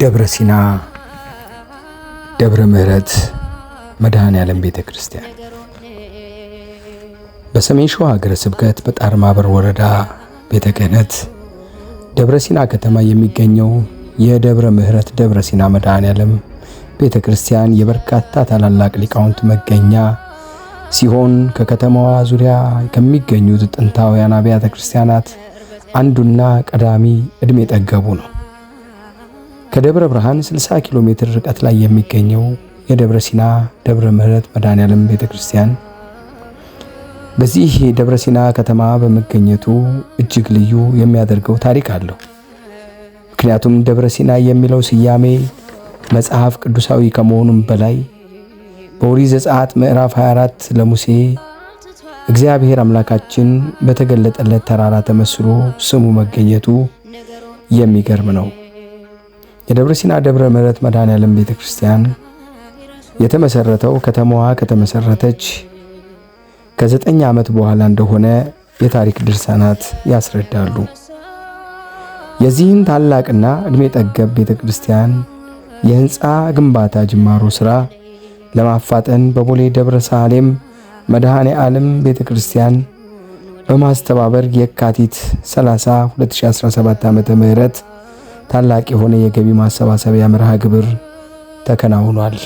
ደብረ ሲና ደብረ ምሕረት መድሃን ያለም ቤተ ክርስቲያን በሰሜን ሸዋ ሀገረ ስብከት በጣር ማበር ወረዳ ቤተ ክህነት ደብረ ሲና ከተማ የሚገኘው የደብረ ምሕረት ደብረ ሲና መድኃኔ ዓለም ቤተ ክርስቲያን የበርካታ ታላላቅ ሊቃውንት መገኛ ሲሆን ከከተማዋ ዙሪያ ከሚገኙት ጥንታውያን አብያተ ክርስቲያናት አንዱና ቀዳሚ ዕድሜ ጠገቡ ነው። ከደብረ ብርሃን 60 ኪሎ ሜትር ርቀት ላይ የሚገኘው የደብረ ሲና ደብረ ምሕረት መድኃኔዓለም ቤተክርስቲያን በዚህ ደብረ ሲና ከተማ በመገኘቱ እጅግ ልዩ የሚያደርገው ታሪክ አለው። ምክንያቱም ደብረ ሲና የሚለው ስያሜ መጽሐፍ ቅዱሳዊ ከመሆኑም በላይ በኦሪት ዘጸአት ምዕራፍ 24 ለሙሴ እግዚአብሔር አምላካችን በተገለጠለት ተራራ ተመስሎ ስሙ መገኘቱ የሚገርም ነው። የደብረ ሲና ደብረ ምሕረት መድኃኔዓለም ቤተ ቤተክርስቲያን የተመሰረተው ከተማዋ ከተመሰረተች ከዘጠኝ ዓመት በኋላ እንደሆነ የታሪክ ድርሳናት ያስረዳሉ። የዚህን ታላቅና ዕድሜ ጠገብ ቤተ ክርስቲያን የሕንፃ ግንባታ ጅማሮ ሥራ ለማፋጠን በቦሌ ደብረ ሳሌም መድኃኔ ዓለም ቤተ ክርስቲያን በማስተባበር የካቲት 30 2017 ዓ.ም ታላቅ የሆነ የገቢ ማሰባሰቢያ መርሃ ግብር ተከናውኗል።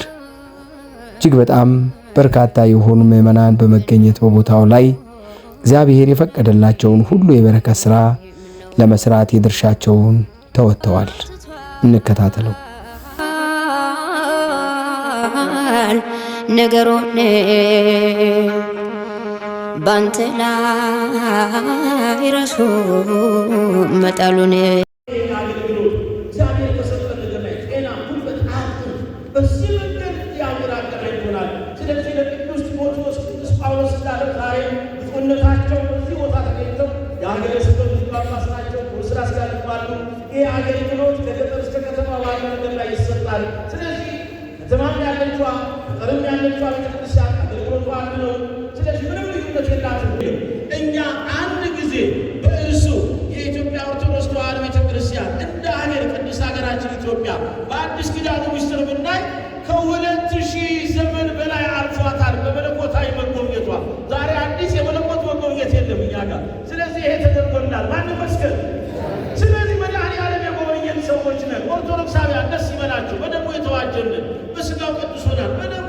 እጅግ በጣም በርካታ የሆኑ ምዕመናን በመገኘት በቦታው ላይ እግዚአብሔር የፈቀደላቸውን ሁሉ የበረከት ሥራ ለመስራት የድርሻቸውን ተወጥተዋል። እንከታተለው። ነገሮን ባንተ ላይ ረሱ መጣሉን በእምነታቸው በዚህ ቦታ ተገኝተው የሀገረ ስብከቱ ጳጳስ ናቸው። ስራ ስላልባሉ ይህ አገልግሎት ከገጠር እስከ ከተማ ባለ ነገር ላይ ይሰጣል። ስለዚህ ከተማም ያለቿ ገጠርም ያለቿ ቤተክርስቲያን አገልግሎቱ አንድ ነው። ስለዚህ ምንም ልዩነት የላትም። እኛ አንድ ጊዜ በእርሱ የኢትዮጵያ ኦርቶዶክስ ተዋሕዶ ቤተክርስቲያን እንደ ሀገር ቅድስት ሀገራችን ኢትዮጵያ በአዲስ ኪዳኑ ሚስጥር ብና ይላል። ማን መስከር? ስለዚህ መድኃኔ ዓለም የጎበኘን ሰዎች ነን። ኦርቶዶክሳውያን ደስ ይበላችሁ። በደሙ የተዋጀልን በስጋው ቅዱስ ሆናል።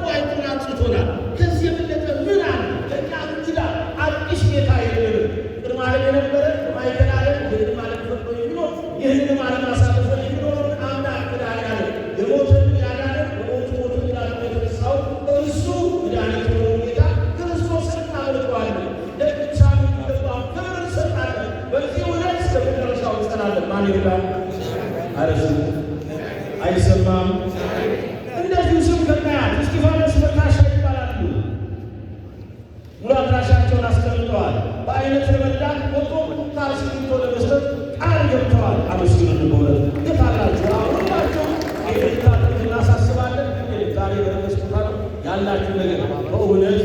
ባላችሁ ነገር በእውነት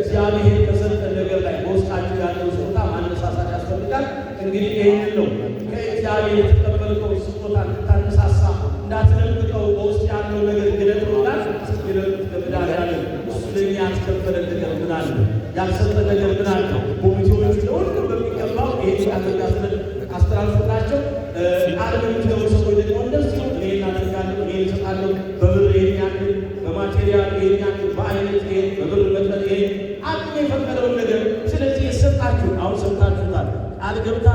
እግዚአብሔር በሰጠን ነገር ላይ በውስጣችሁ ያለው ስጦታ ማነሳሳት ያስፈልጋል። እንግዲህ ይህንን ነው ከእግዚአብሔር የተቀበልከው ስጦታ እንድታነሳሳ እንዳትደብቀው፣ በውስጥ ያለው ነገር ግለጥ ሆናል ስትገለጡት ለምዳር ያለ እሱ ለእኛ ያስከፈለን ነገር ምን አለ? ያልሰጠን ነገር ምን አለ? ኮሚቴዎች ለሁሉ በሚገባው ይሄ ያስፈልግ አስተላልፎላቸው አርብ የሚገቡ ሰዎች ደግሞ እንደዚህ እኔ እናደርጋለሁ እኔ ይሰጣለሁ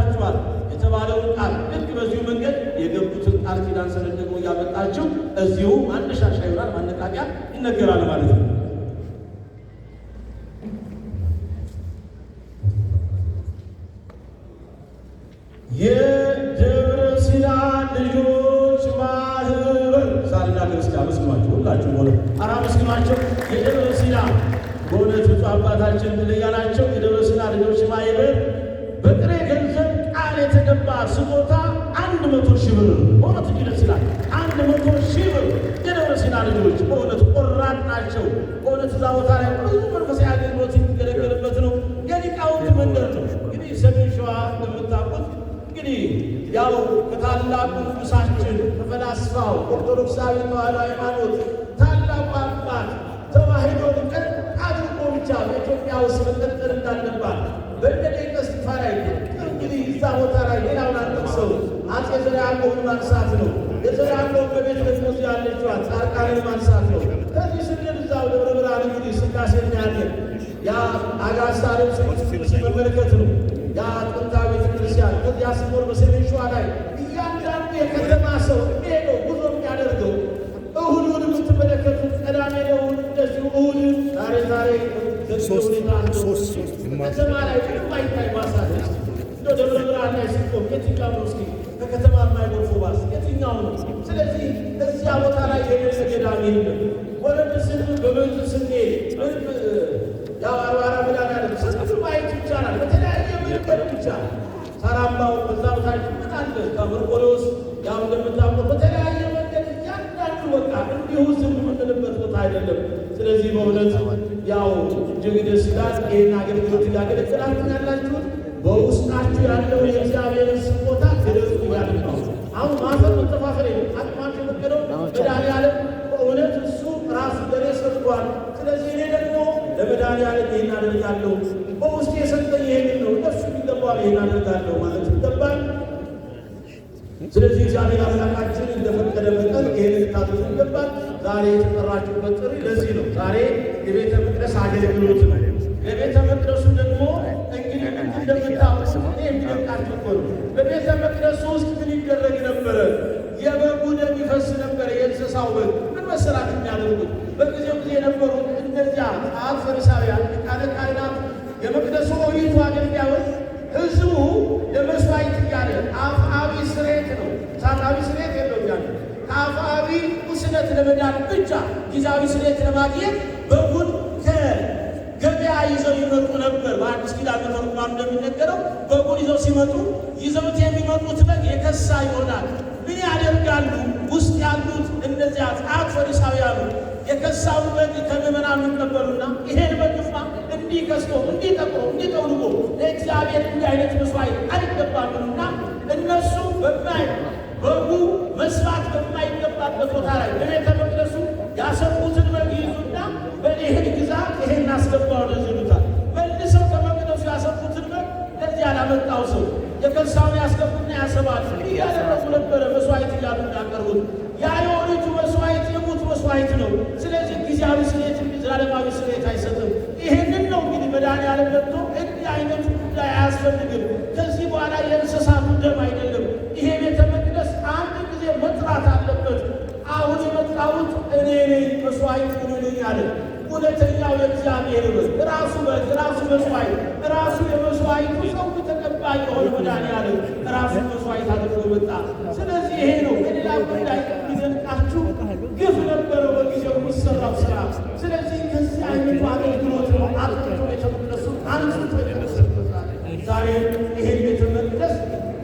ይገባቸዋል የተባለውን ቃል ልክ በዚሁ መንገድ የገቡትን ቃል ኪዳን ሰነድ ደግሞ እያመጣችሁ እዚሁ ማነሻሻ ይሆናል፣ ማነቃቂያ ይነገራል ማለት ነው። እንግዲህ ያው ከታላቁ ንጉሳችን ከፈላስፋው ኦርቶዶክሳዊ ተዋሕዶ ሃይማኖት ታላቁ አባት ተዋሕዶ ልቀት አድርጎ ብቻ በኢትዮጵያ ውስጥ መጠጠር እንዳለባት በደቂቀ ስፋ እንግዲህ እዛ ቦታ ላይ ሌላውን አጠቅሰው አጼ ዘርዓ ያዕቆብን ማንሳት ነው። የዘርዓ ያዕቆብ በቤተ መቅደሱ ያለችዋት ጻድቃንን ማንሳት ነው። ከዚህ ስንል እዛው ደብረ ብርሃን እንግዲህ ስላሴ ያለን ያ አጋሳሪም ስሉስ መመልከት ነው ያ ቤተክርስቲያን ከዚያ ስኖር በሰሜን ሸዋ ላይ እያንዳንዱ የከተማ ሰው ሄደው ጉዞ የሚያደርገው እሁድን የምትመለከቱት ቀዳሜ ነው። እንደዚሁ እሁድ ዛሬ ዛሬ ከተማ ላይ ምንም አይታይ እንደ ደብረ ብርሃን ላይ ሲቆም የትኛው ነው እስኪ ከከተማ የማይጎርፉ ባስ የትኛው ነው? ስለዚህ እዚያ ቦታ ላይ የደረሰ ገዳም የለም። ወረድ ስን በመንዝ ስንሄድ ያው አርባራ ያባው በዛ በታች ምጣለ ከመርቆሬዎስ ያው እንደምታውቀው በተለያየ መንገድ እያንዳንዱ ወጣ እንዲሁ ዝም የምንልበት ቦታ አይደለም። ስለዚህ በእውነት ያው እጅግ ደስ ይላል። ይህን አገልግሎት እያገለገላችሁ ያላችሁት በውስጣችሁ ያለው የእግዚአብሔር ስጦታ ገለጹ ያለ ነው። አሁን ማሰብ መጠፋፈር አጥማት የፈቀደው መድኃኒዓለም በእውነት እሱ ራሱ ገሬ ሰጥቷል። ስለዚህ እኔ ደግሞ ለመድኃኒዓለም ይህን አደርጋለሁ በውስጥ የሰጠኝ ይህን ተጠቅሟል። ይህን አደርጋለሁ ማለት ይገባል። ስለዚህ እግዚአብሔር አምላካችን እንደፈቀደ መጠን ይህን ልታደርጉ ይገባል። ዛሬ የተጠራችሁበት ጥሪ ለዚህ ነው። ዛሬ የቤተ መቅደስ አገልግሎት ነው። የቤተ መቅደሱ ደግሞ እንግዲህ እንደምታውቁ የሚለቃቸው እኮ ነው። በቤተ መቅደሱ ውስጥ ምን ይደረግ ነበረ? የበጉ ደም ይፈስ ነበረ። የእንስሳው በግ ምን መሰላችሁ የሚያደርጉት በጊዜው ጊዜ የነበሩ እነዚያ ጸሐፍት ፈሪሳውያን፣ ሊቃነ ካህናት፣ የመቅደሱ ኦሪቱ አገልጋዮች ህዝቡ ለመስዋዕት እያለ አፍአዊ ስሬት ነው። ሳታዊ ስሬት የለው እያለ ከአፍአዊ ቁስለት ለመዳን ብቻ ጊዜያዊ ስሬት ለማግኘት በጉን ከገበያ ይዘው ይመጡ ነበር። በአዲስ ኪዳን ተርጓሚ እንደሚነገረው በጉን ይዘው ሲመጡ ይዘውት የሚመጡት በግ የከሳ ይሆናል። ምን ያደርጋሉ? ውስጥ ያሉት እነዚያ ጻት ፈሪሳውያኑ የከሳውን በግ ከምዕመናን ይቀበሉና ይሄን በግ እንዲህ ከስቶ እንዲህ ጠቁሮ እንዲህ ጠውልጎ ለእግዚአብሔር እንዲህ አይነት መስዋዕት አይገባምና እነሱ በማይ በጉ መስዋዕት በማይገባበት ቦታ ላይ በቤተ መቅደሱ ያሰቡትን በግ ይዙና በሌህን ግዛ ይሄን አስገባ ወደዚህ ይሉታል። መልሰው ከመቅደሱ ያሰቡትን በግ ለዚህ ያላመጣው ሰው የከሳውን ያስገቡና ያሰባል። እንዲህ ያደረጉ ነበረ መስዋዕት እያሉ እንዳቀርቡት ያ የኦሪቱ መስዋዕት የሙት መስዋዕት ነው። ስለዚህ ጊዜያዊ ስሌት ዘላለማዊ መድኃኒዓለም መጥቶ እንዲህ አይነት ጉዳይ አያስፈልግም፣ ከዚህ በኋላ የእንስሳቱ ደም አይደለም፣ ይሄ ቤተ መቅደስ አንድ ጊዜ መጥራት አለበት። አሁን የመጣሁት እኔ ነኝ፣ መስዋዕት ሁኑልኝ አለ። ሁለተኛው የእግዚአብሔር በት ራሱ በት ራሱ መስዋዕት ራሱ የመስዋዕቱ ሰው ተቀባይ የሆነ መድኃኒዓለም ራሱ መስዋዕት አድርጎ መጣ። ስለዚህ ይሄ ነው ከሌላ ጉዳይ ይዘንቃችሁ ዛሬ ይሄን ቤተ መቅደስ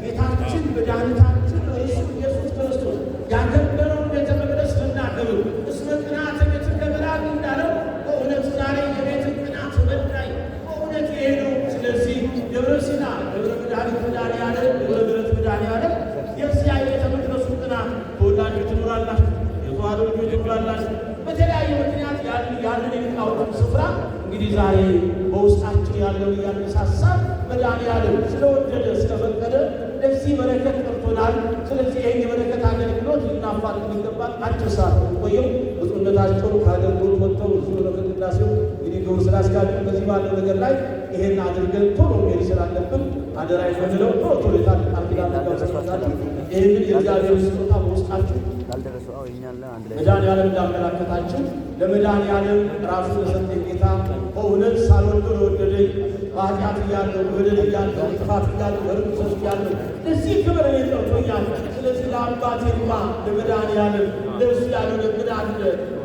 ጌታችን መድኃኒታችን እርሱ ኢየሱስ ክርስቶስ ያከበረውን ቤተ መቅደስ ስናገሩ እስመ ቅንዓተ ቤተ ከመላዊ እንዳለው በእውነት ዛሬ የቤት ቅንዓት በዳይ በእውነት ይሄ ነው። ስለዚህ ደብረ ሲና ደብረ መድኃኒት መድኃኔዓለም ደብረ ምሕረት መድኃኔዓለም የዚያ ቤተ መቅደሱ ቅንዓት ተወላጅ ትኖራላችሁ፣ የተዋሕዶ ልጆች ትኖራላችሁ። በተለያየ ምክንያት ያንን የሚቃወም ስፍራ እንግዲህ ዛሬ በውስጣችን ያለው እያነሳሳል መድኃኒዓለም ስለወደደ ስለፈቀደ ለዚህ በረከት ጠርቶናል። ስለዚህ ይህን የበረከት አገልግሎት ልናፋል የሚገባል። አጭር ሰዓት ቆየው ብፁዕነታቸው ከአገልግሎት ወጥተው ብዙ በረከት እንግዲህ ግብር ስራ አስኪያጁ በዚህ ባለ ነገር ላይ ይሄን አድርገን ቶሎ መሄድ ስላለብን አደራ የምንለው ቶሎ ቶሎ ይህንን የእግዚአብሔር ስጦታ በውስጣችሁ መድኃኒዓለም እንዳመላከታችሁ ለመድኃኒዓለም ራሱ ለሰጠኝ ጌታ በእውነት ሳልወደው ለወደደኝ በኃጢአት እያለ በበደል እያለ ጥፋት እያለ በርኩሰት እያለ እዚህ ክብር እኔ ጠርቶኛል። ስለዚህ ለአባቴማ ለመድኃኔዓለም ለእሱ ያለው ለምን አለ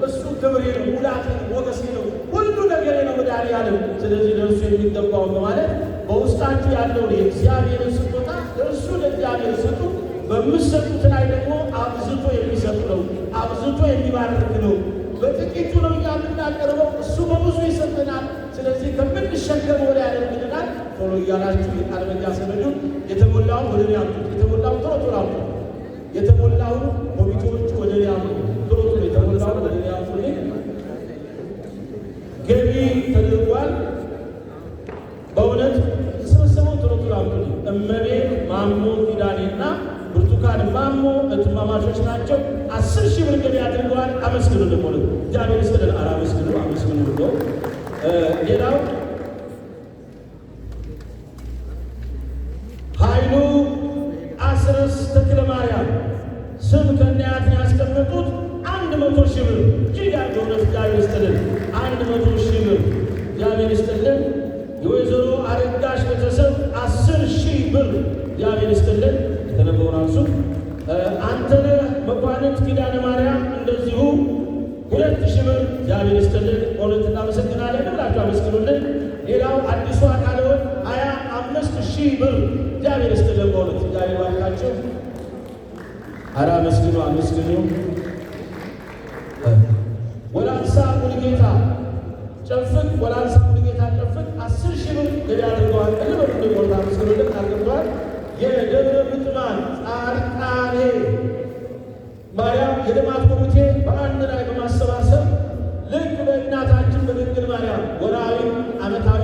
እሱ ክብሬ ነው፣ ሙላቴ ሞገሴ ነው፣ ሁሉ ነገሬ ነው መድኃኔዓለም። ስለዚህ ለእሱ የሚገባው በማለት በውስጣችሁ ያለውን የእግዚአብሔርን ስጦታ እርሱ ለእግዚአብሔር ስጡ። በምትሰጡት ላይ ደግሞ አብዝቶ የሚሰጥ ነው፣ አብዝቶ የሚባርክ ነው። በጥቂቱ ነው እኛ የምናቀርበው፣ እሱ በብዙ ይሰጠናል። ስለዚህ ከምንሸከመ ወደ ያደርግልናል። ቶሎ እያላችሁ የቃልበኛ ሰመዱ የተሞላውን ወደ ያ የተሞላው ቶሎ ቶሎ አሉ የተሞላውን ኮሚቴዎች ወደ ያ ቶሎ ቶሎ የተሞላው ወደ ያ ገቢ ተደርጓል። በእውነት ተሰበሰበው ቶሎ ቶሎ አሉ እመቤ ማሞ ኪዳኔና ብርቱካን ማሞ እትማማቾች ናቸው። አስር ሺህ ብር ገቢ አድርገዋል። አመስግኑ ደግሞ እግዚአብሔር ስለ አራ አመስግኑ አመስግኑ ደግሞ ሌላው uh, ኃይሉ አስርስ ተክለ ማርያም ስም ከነያት ያስቀመጡት አንድ መቶ ሺህ ብር እጅግ ያልሆነ እግዚአብሔር ይስጥልን። አንድ መቶ ሺህ ብር እግዚአብሔር ይስጥልን። የወይዘሮ አረጋሽ ቤተሰብ አስር ሺህ ብር እግዚአብሔር ይስጥልን። የተነበውን አንሱ። uh, አንተነህ መኳንንት ኪዳነ ማርያም እንደዚሁ ሁለት ሺህ ብር እግዚአብሔር ይስጥልን። በእውነት እናመሰግናለን ብላችሁ አመስግኑልን። ሌላው አዲሱ አካልሆን ሀያ አምስት ሺህ ብር እግዚአብሔር ይስጥልን። በእውነት እግዚአብሔር ባርካችሁ። ኧረ አመስግኑ አመስግኑ። ወላንሳ ሙሉጌታ ጨፍቅ ወላንሳ ሙሉጌታ ጨፍቅ አስር ሺህ ብር ገቢ አድርገዋል። ማርያም ወርሃዊ ዓመታዊ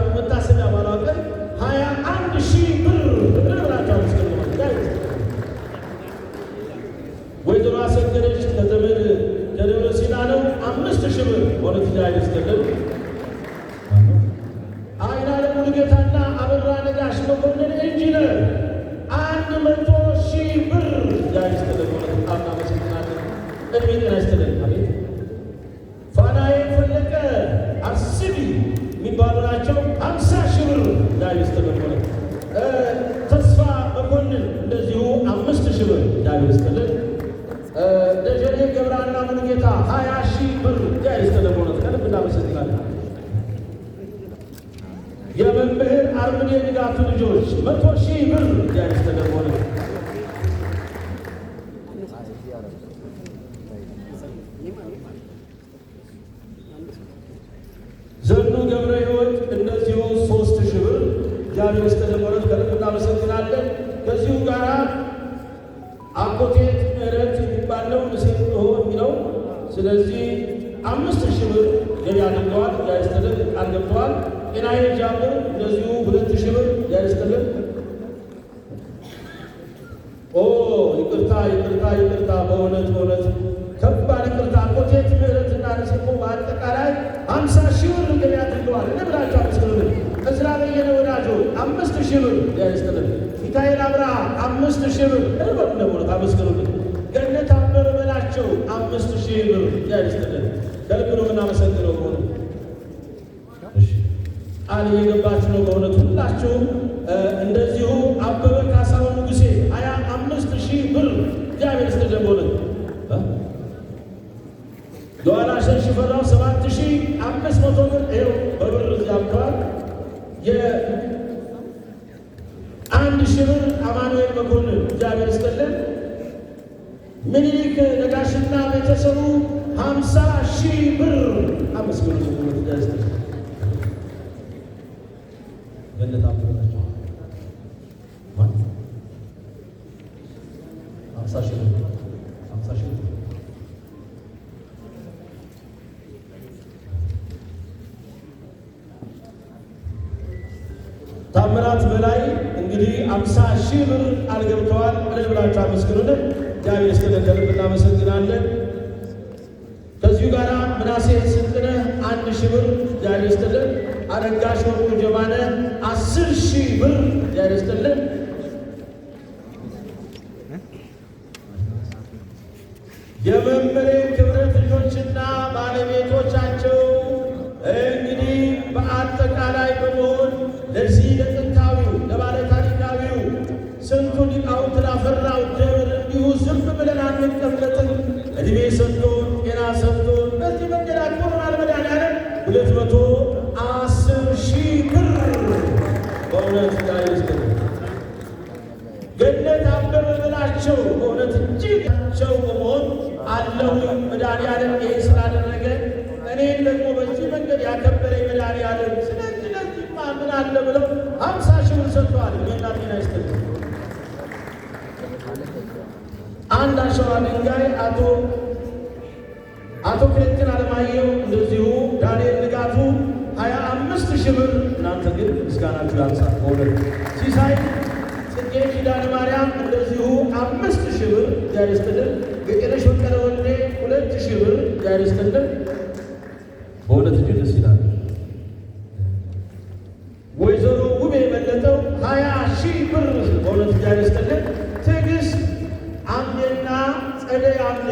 የገብረሃና ሙሉጌታ ሀያ ሺህ ብር ጋይስ ተለቦነት ከልብ እናመሰግናለን። የመምህር አርምኔ ንጋቱ ልጆች መቶ ሺህ ብር ጋይስ ተለቦነት ኦ ይቅርታ ይቅርታ ይቅርታ፣ በእውነት በእውነት ከባድ ይቅርታ። ኮቴት ምህረትና ንጽፎ በአጠቃላይ አምሳ ሺህ ብር እንደሚያድርገዋል እንብላቸው ምስክርል እዝራ በየነ ወዳጆ አምስት ሺህ ብር ያስክርል ሚካኤል አብርሃ አምስት ሺህ ብር እንበሉ እንደሆነ አመስክሩልን። ገነት አበረ በላቸው አምስት ሺህ ብር ያስክርል ከልብ ነው የምናመሰግነው። በሆነ ቃል እየገባችሁ ነው በእውነት ሁላችሁም እንደዚሁ አንድ ሺህ ብር አማኑኤል መኮንን እግዚአብሔር ይስጥልን። ምኒልክ ነጋሽና ቤተሰቡ ሀምሳ ሺህ ብር አመስግኖ ስ ሺህ ብር አልገብተዋል። እልል ብላችሁ አመስግኑልን። እግዚአብሔር እስከተደርብ እናመሰግናለን። ከዚሁ ጋር ምናሴ ስልጥነ አንድ ሺህ ብር እግዚአብሔር ይስጥልን። አረጋሽ ወርቁ ጀማነ አስር ሺህ ብር እግዚአብሔር ይስጥልን። የመመሬ ክብረት ልጆችና ባለቤቶቻቸው እንግዲህ በአጠቃላይ በመሆን አለሁኝ መድኃኒዓለም ይህን ስላደረገ እኔን ደግሞ በዚህ መንገድ ያከበረኝ መድኃኒዓለም ስለዚህ ለዚህማ ምን አለ ብለው ሀምሳ ሺህ ብር ሰጥተዋል። ሜናጤና ይስጥ አንድ አሸዋ ድንጋይ አቶ አቶ ክሌትን አለማየሁ እንደዚሁ ዳንኤል ንጋቱ ሀያ አምስት ሺህ ብር እናንተ ግን ምስጋናችሁ ያንሳ ሆነ ሲሳይ ጽጌ ኪዳነ ማርያም እንደዚሁ አምስት ሺህ ብር ዚያስተድር የጤነሽ ሺህ ብር ጋር እስክንድር በእውነት እጅ ደስ ይላል። ወይዘሮ ውብ የመለጠው ሀያ ሺህ ብር በእውነት ጋር እስክንድር ትዕግስት አምኔና ጸደይ አምኔ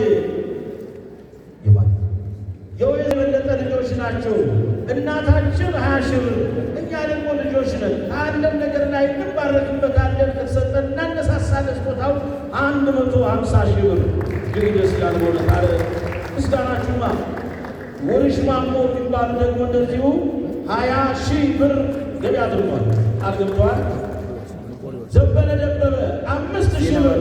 ልጆች ናቸው። እናታችን ሀያ ሺህ ብር እኛ ደግሞ ልጆች ነን። አለን ነገር ላይ እንባረክበታለን። ከተሰጠን እናነሳሳለን። ስጦታው አንድ መቶ ሀምሳ ሺህ ብር ግን ደስ ይላል በእውነት ምስጋናችሁ ማ ውርሽ ማሞ የሚባል ደግሞ እንደዚሁ ሀያ ሺህ ብር ገቢ አድርጓል አድርጓል። ዘበነ ደበበ አምስት ሺህ ብር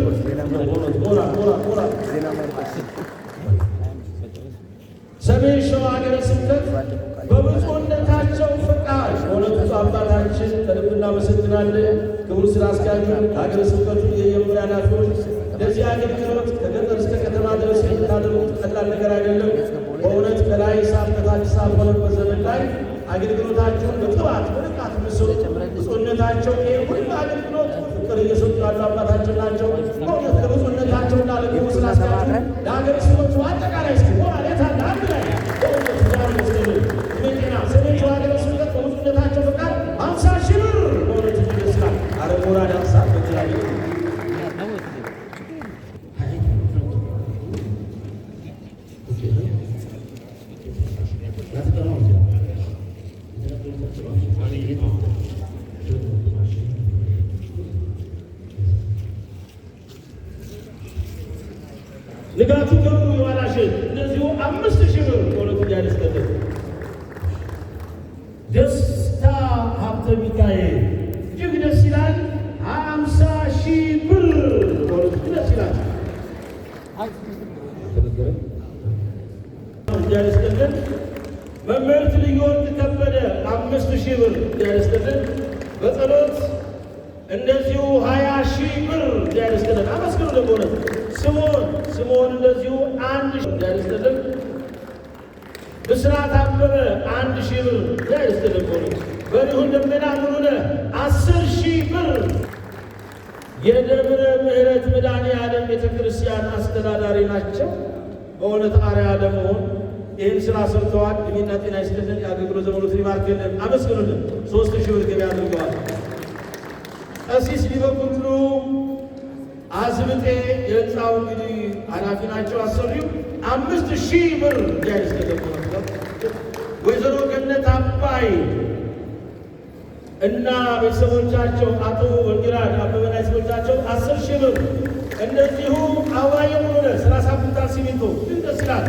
ሰሜን ሸዋ ሀገረ ስብከት በብፁዕነታቸው ፈቃድ በእውነቱ አባታችን ከልብ እናመሰግናለን። ክቡር ስራ አስኪያጁ ሀገረ ስብከቱ የየሙያ ኃላፊዎች ለዚህ አገልግሎት ከገጠር ንጋቱ ገብሩ የዋላሽ እነዚሁ አምስት ሺህ ብር በሁለተኛ ደስከተ ደስታ ሀብተ ሚካኤል እጅግ ደስ ይላል። አምሳ ሺህ ብር በሁለቱ ደስ ይላል። እያደስከተን መምህርት ልዩ ከበደ አምስት ሺህ ብር እያደስከተን በጸሎት እንደዚሁ ሀያ ሺህ ብር እያደስከተን አመስግኑ ለመሆነት ስምዖን እንደዚሁ አንድ ሺህ ያልስትልም ብስራት አበበ አንድ ሺህ ብር ያልስትልም ሆኑ በሪሁ ልምና ምሉነ አስር ሺህ ብር የደብረ ምሕረት መድኃኔ ዓለም ቤተ ክርስቲያን አስተዳዳሪ ናቸው። በእውነት አርያ ለመሆን ይህን ስራ ሰርተዋል። እድሜና ጤና ይስጥልን። የአገልግሎት ዘመኑትን ይባርክልን። አመስግኑልን። ሶስት ሺህ ብር ገቢ አድርገዋል። ቀሲስ ሊበኩሉ አዝብጤ የህንፃው እንግዲህ ኃላፊ ናቸው አሰሪው አምስት ሺህ ብር ጃይስ ተገባበት። ወይዘሮ ገነት አባይ እና ቤተሰቦቻቸው አቶ ወንጌላድ አበበና ቤተሰቦቻቸው አስር ሺህ ብር እንደዚሁ አዋይ የሆነ ሰላሳ ኩንታል ሲሚንቶ ደስ ይላል።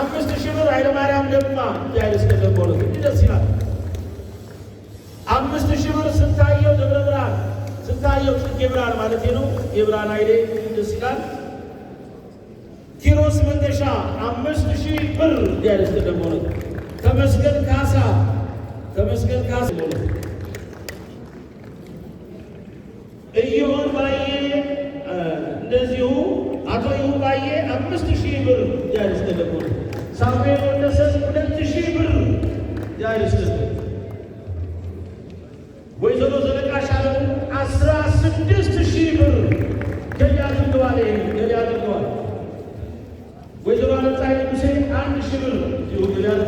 አምስት ሺህ ብር ኃይለማርያም ደማ ጃይስ ተገባለት ደስ ይላል። የብርሃን ማለት ነው። የብርሃን ኃይሌ ቅዱስ ይላል። ኪሮስ መንደሻ አምስት ሺህ ብር ዲያለስ ተደመረ። ተመስገን ካሳ ተመስገን ካሳ እየሆን ባየ እንደዚሁ አቶ ይሁ ባየ አምስት ሺህ ብር ዲያለስ ተደመረ። ሳሙኤል ወንደሰን ሁለት ሺህ ብር ዲያለስ ተደመረ። tudo, olhando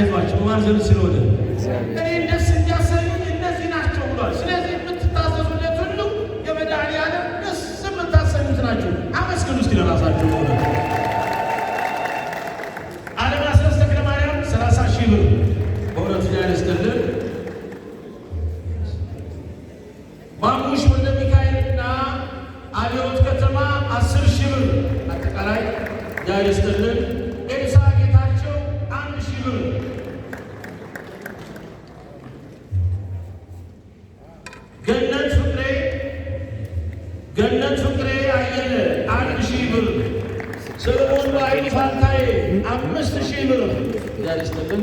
አይዟችሁ ማዘን ስለሆነ እኔ ደስ ገነት ፍቅሬ አየለ አንድ ሺህ ብር፣ ሰለሞን በአይን ፋንታዬ አምስት ሺህ ብር ያልስተብን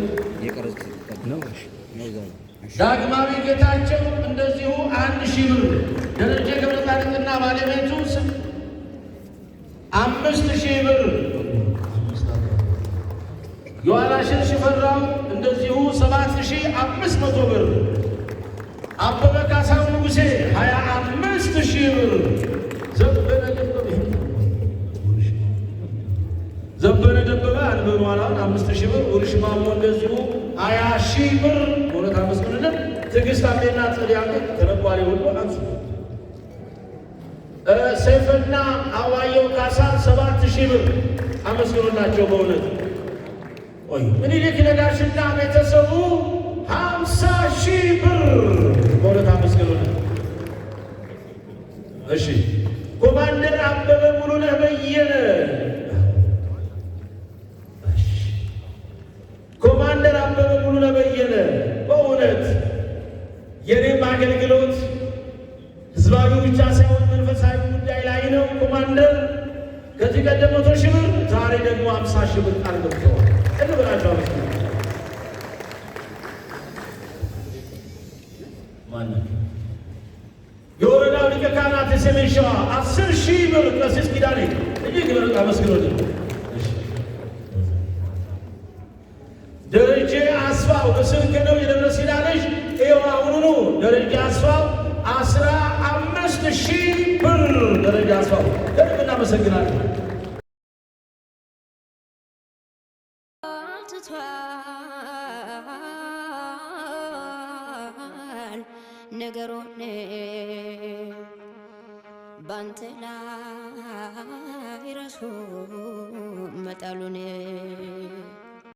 ዳግማዊ ጌታቸው እንደዚሁ አንድ ሺህ ብር፣ ደረጀ ገብረጻድቅና ባለቤቱ አምስት ሺህ ብር፣ ሽር ሽፈራው እንደዚሁ ሰባት ሺህ አምስት መቶ ብር አበበ ካሳ ንጉሴ ሀያ አምስት ሺህ ብር ዘበነ ደበበ ዘበነ ደበበ አንበሩ አላን አምስት ሺህ ብር ውርሽ ማሞ እንደዚሁ ሀያ ሺህ ብር በሁለት አምስት ምንለ ትዕግስት አሜና ጽዲያቀ ተነባሪ ሁሉ አንሱ ሰይፈና አዋየው ካሳ ሰባት ሺህ ብር አመስግኖላቸው በእውነት ወይ ምኒልክ ነጋሽና ቤተሰቡ ሀምሳ ሺህ ብር በሁለት አመስገኑ። እሺ ኮማንደር አበበ ሙሉነህ በየነ ኮማንደር አበበ ሙሉነህ በየነ በእውነት የኔም አገልግሎት ህዝባዊ ብቻ ሳይሆን መንፈሳዊ ጉዳይ ላይ ነው። ኮማንደር ከዚህ ቀደም መቶ ሺህ ብር ዛሬ ደግሞ ሀምሳ ሺህ ብር ቃል ገብተዋል። እንብላቸው አመስግኑ። ማለት ነው። የወረዳው ሊቀ ካህናት የሰሜን ሸዋ አስር ሺህ ብር ቀሲስ ኪዳኔ እጅግ በርቅ አመስግኖት ደረጀ አስፋው የደብረ ሲና ልጅ ይኸው አሁኑኑ ደረጀ አስፋው አስራ አምስት ሺህ ብር ደረጀ አስፋው ደርግ እናመሰግናለን።